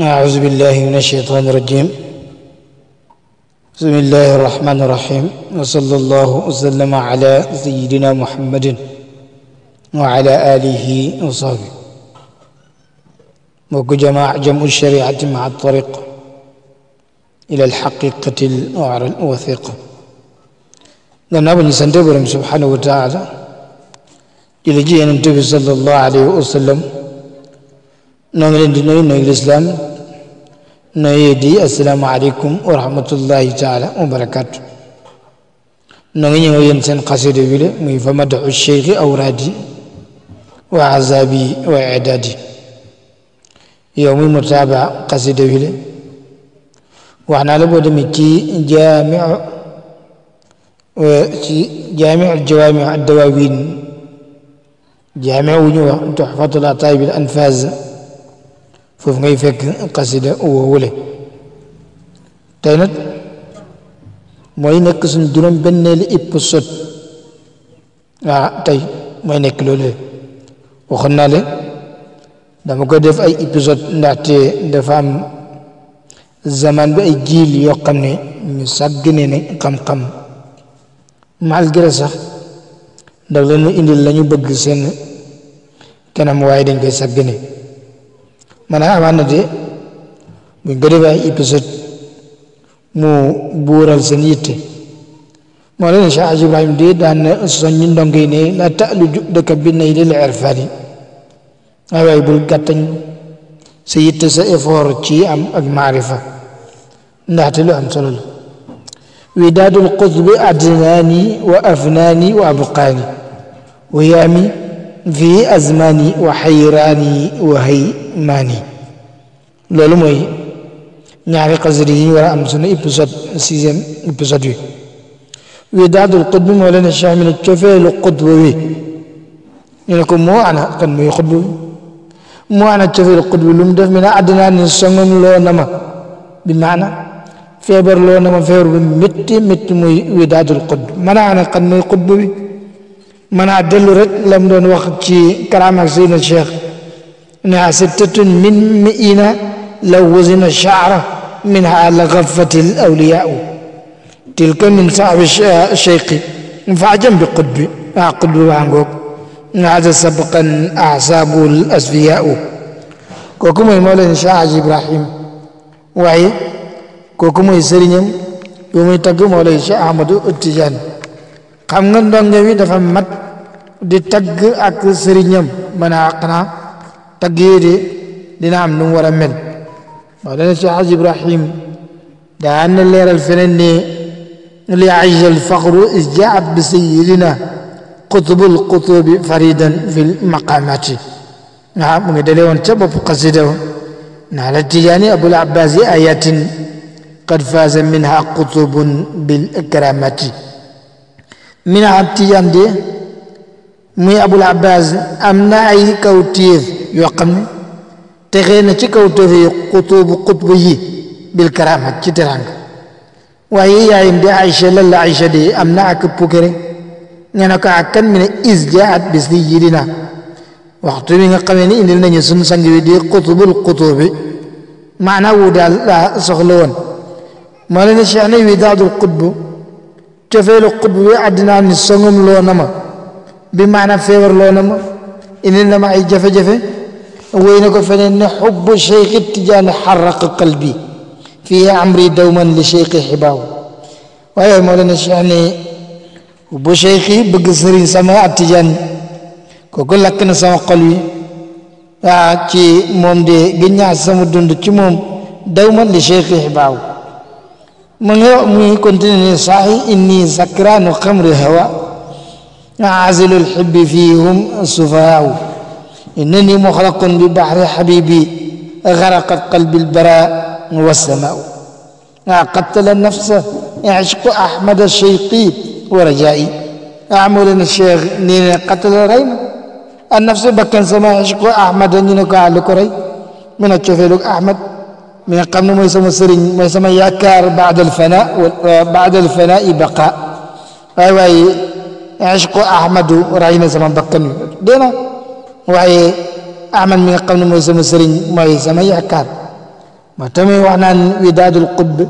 أعوذ بالله من الشيطان الرجيم بسم الله الرحمن الرحيم وصلى الله وسلم على سيدنا محمد وعلى آله وصحبه وجمع جمع الشريعة مع الطريق إلى الحقيقة الوثيقة لأن أبن سنتبرم سبحانه وتعالى إلى جيء النبي صلى الله عليه وسلم نغرين دنوي نغر الإسلام نويدي السلام عليكم ورحمة الله تعالى وبركاته نغني وينسن قصيدة بيلة مي فمدع الشيخ أورادي وعذابي وعدادي يومي متابع قصيدة بيلة وحنا لابد متي جامع جامع الجوامع الدواوين جامع تحفظ الأطايب الأنفاز فوف غي فك قصيدة هو ولي تينت موي نكسن دونم بنيل إبسوت آه تاي موي نكلولي وخنا لي دام كو ديف اي ابيزود ناتي ديف ام زمان با اي جيل يو خامني ني ساغني ني خام خام مال غير صاح دا لا ني انديل لا ني بغ سين كانام واي دنج ساغني manahamaanade min gariba épisode mo buural sen yitte mo alene cheikh aji ibrahim de dan soññi dongoy ne la ta'lu ju'daka binnayi lil irfani ay waay bul gàttañ sa yitte sa effort ci am ak maarifa ndaxte lu am solo la وداد القطب أدناني وأفناني وأبقاني ويامي ذي أزماني وحيراني وهيماني loolu mooy ñaari xasida yi ñu war a am sunu épisode sixième épisode wi wi daadul xutb moo leen cheikh mi ne cofeelu xutb wi ñu ne ko moo ana kan muy xutb bi moo ana cofeelu xutb lu mu def mi ne àddinaa ni songoon loo na ma bi maana feebar loo na ma feebar bu métti métti muy wi daadul xutb mana ana kan muy xutb bi من عدل رك لم دون وقت كرام سين الشيخ ناس تتن من مئنا لو وزن الشعر منها لغفة الأولياء تلك من صعب الشيخ فعجم بقدب قدب وانقوك آه، هذا سبقا أعصاب الأسفياء كوكما يمولا إن شاء إبراهيم وعي كوكما يسرينيم يومي تقوم ولا إن شاء أحمد التجان خمغن دون جوي دفع مت di tagg ak sëriñam man a xanaa tagg yee de dina am nu mu war mel wax dana Cheikh Hadj Ibrahim daan na leeral feneen ne li aja alfaqru is jaat bi sayidina qutbul qutubi faridan fil lmaqamati ah mu ngi dalee woon ca bopp qasida naa la tijaani abul abbas yi ayatin قد minha منها bil بالكرامة منها التيان دي muy abul abbas am na ay kawtéef yoo xam ne texee na ci kawtéef yi xutubu xutbu yi bil karamat ci teranga waaye yaayam di aïcha lan la aïcha di am na ak pukkere nee na ko ak kan mi ne is jaat bis di yi dina waxtu bi nga xamee ni indil nañu sun sang bi di xutubul xutubi maanaa wu daal laa soxla woon moo leen cheikh ne widaadul xutbu cofeelu xutbu bi addinaa ni songum loo na ma بمعنى فيور لونم إنما معي جفة جفة وين قفل إن حب الشيخ اتجان حرق قلبي في عمري دوما لشيخ حباو ويا مولانا شعني حب شيخي بقصر سماء اتجان كوكو لكنا سماء قلبي يا تي موم دي غنيا سمو دوند تي موم دوما لشيخ حباو من هو مي كنت اني ذكران خمر هواء أعزل الحب فيهم السفهاء إنني مخلق ببحر حبيبي غرقت قلبي البراء والسماء قتل النفس عشق أحمد الشيقي ورجائي أعمل الشيخ نين قتل ريم النفس بكن سما عشق أحمد نين كعلك كري من الشفيلك أحمد من قبل ما يسمى سرين ما يسمى يكار بعد الفناء بعد الفناء بقاء أيوة عشق أحمد راينا زمان بكن دينا وعي أعمل من قبل موسى مسرين ما يسمى يحكار ما تمي وعنان وداد القدب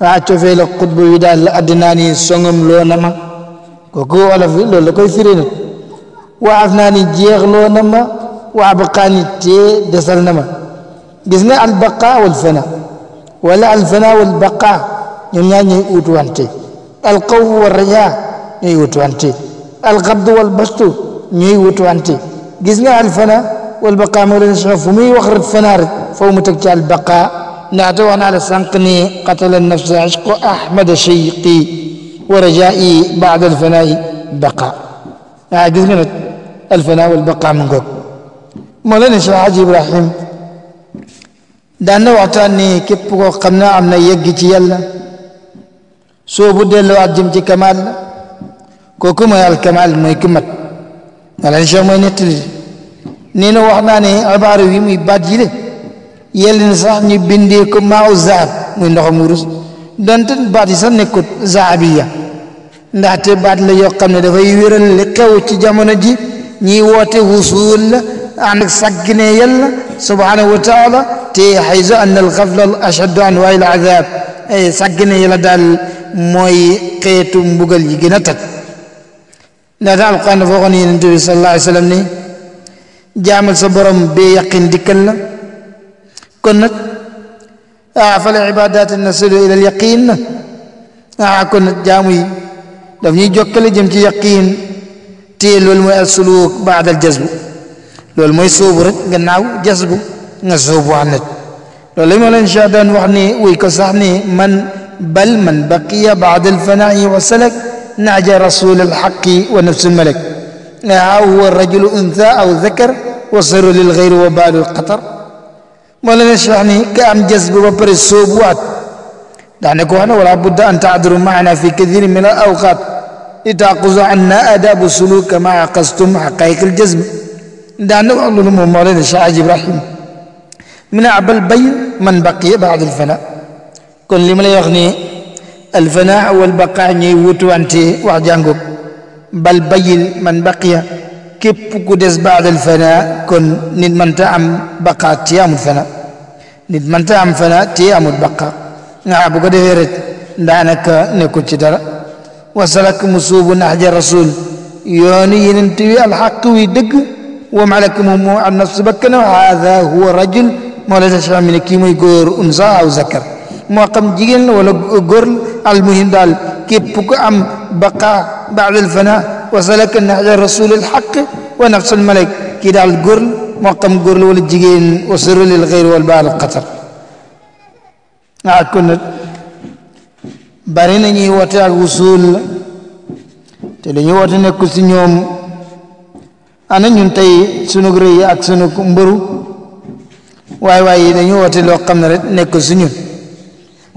فأتفي القطب وداد الأدناني سنغم لونما كوكو ولا في لولا كوي سيرين وعفناني جيغ لونما وعبقاني تي دسلنما جزنا البقاء والفناء ولا الفناء والبقاء يمياني أوتوانتي القو والرياء ñooy wutuwante alxabd wal bastu ñooy wutuwante gis nga alfana wal baqa moo leen soxla fu muy wax rek fanaa rek foo mu teg ci albaqa ndaxte wax naa la sànq ni qatala nafsa ashqu ahmad shayqi wa rajai baad alfanai baqa ah gis nga nag alfana wal baqa mu ngoog moo leen Cheikh Haji Ibrahim daan na waxtaan ni képp koo xam ne am na yegg ci yàlla soo bu delloo at jëm ci kamaal la kooku mooy alkamal mooy ki mat Malaysia mooy nettali nee na wax naa ne ibaara wi muy baat yi le yell na sax ñu bindee ko maaw zahab muy ndoxam wurus donte baat yi sax nekkut zahabiya ndaxte baat la yoo xam ne dafay wéral li xew ci jamono ji ñiy woote wusuul la ànd ak saggine yàlla subhanahu wa taala te xaysu an al xafla al ashaddu an waayil azab saggine yàlla daal mooy xeetu mbugal yi gën a tat نعم قان فوغني النبي صلى الله عليه وسلم ني جامل صبرم بي يقين ديكل كن اعفى العبادات النسل الى اليقين اا كن جامي دا ني جوكل جيم سي يقين تي لول موي السلوك بعد الجذب لول موي صبر غناو جذب nga soobuane lolay ma len shaadan wax ni way ko sax ni man bal man baqiya ba'd al fana'i wa salak نعجة رسول الحق ونفس الملك أو هو الرجل أنثى أو ذكر وصير للغير وبال القطر مولانا نشرحني كأم جذب وبر السوبوات دعنا كوانا ولا بد أن تعذروا معنا في كثير من الأوقات لتعقز عنا آداب السلوك كما عقزتم حقائق الجزم دعنا أقول لهم مولانا الشيخ عجيب رحيم من أعبى البين من بقي بعد الفناء كل ما لا يغني الفناء والبقاء ني ووتو انتي واخ جانغو بل بيل من بقي كيب كو ديس بعد الفناء كن نيت من تام بقاء تي ام الفناء نيت من تام فناء تي ام البقاء نا نعم، ابو كو ديف ريت دانك نيكو تي دار وسلك مصوب نهج الرسول يوني ننتي الحق وي دغ وما لكم هم النفس بكنا هذا هو رجل مولاي تشعر من كيمو يقول انثى او ذكر mo xam jigen la wala gor al muhim dal kep ku am baqa ba'd al fana wa salaka nahja rasul al haqq wa nafs al malik ki dal gor mo xam gor la wala jigen wa sirru lil ghayr wal ba'd al qatar na nag bari nañi wote ak usul te dañu wote nek ci ñoom ana ñun tay sunu reey ak sunu mbëru way way dañu wote lo xamne rek nek suñu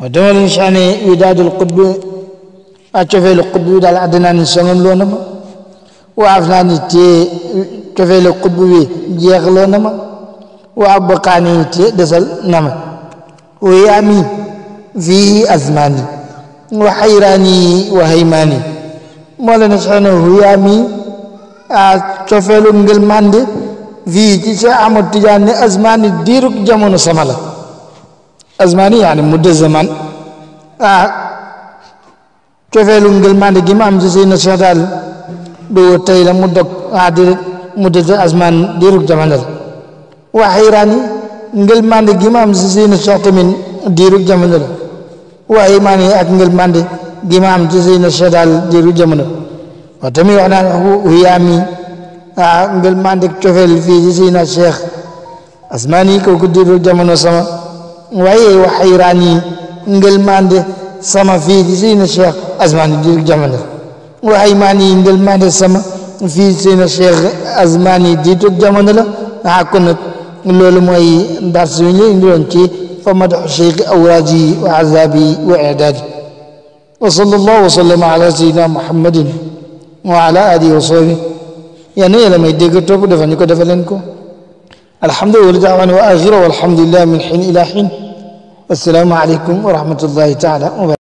ودول إنسان يداد القب أتفي القب يداد الأدنى نسان لونما وعفنان تي تفي القب يجيغ لونما وأبقاني تي دسل نما ويامي فيه أزماني وحيراني وهيماني مولانا سبحانه ويامي أتفي لنجل ماندي في ci Cheikh تجاني أزماني ديرك جمون diirug azmani yaani mudda zaman ah cofeelu ngëlmande gi ma am ci Seydina Cheikh daal du tey la mudda ah di mudda azman diirug jamono la waa xayraani ngëlmande gi ma am ci Seydina Cheikh tamit diirug jamono la waa imaani ak ngëlmande gi ma am ci Seydina Cheikh daal diirug jamono wa tamit wax naan huyaami ah ngëlmande cofeel fii ci Seydina Cheikh azmani kooku diirug jamono sama. وهي وحيراني انجل ماند سما في سين الشيخ ازمان دير جمال وهي ماني انجل ماند سما في سين الشيخ ازماني ديتو جمال ها كن لول موي درس ني ندون تي فمدح الشيخ اوراجي وعذابي واعدادي وصلى الله وسلم على سيدنا محمد وعلى اله وصحبه يعني لما يديك توب دفنكو دفلنكو الحمد لله دعوانا وآخره والحمد لله من حين إلى حين والسلام عليكم ورحمة الله تعالى وبركاته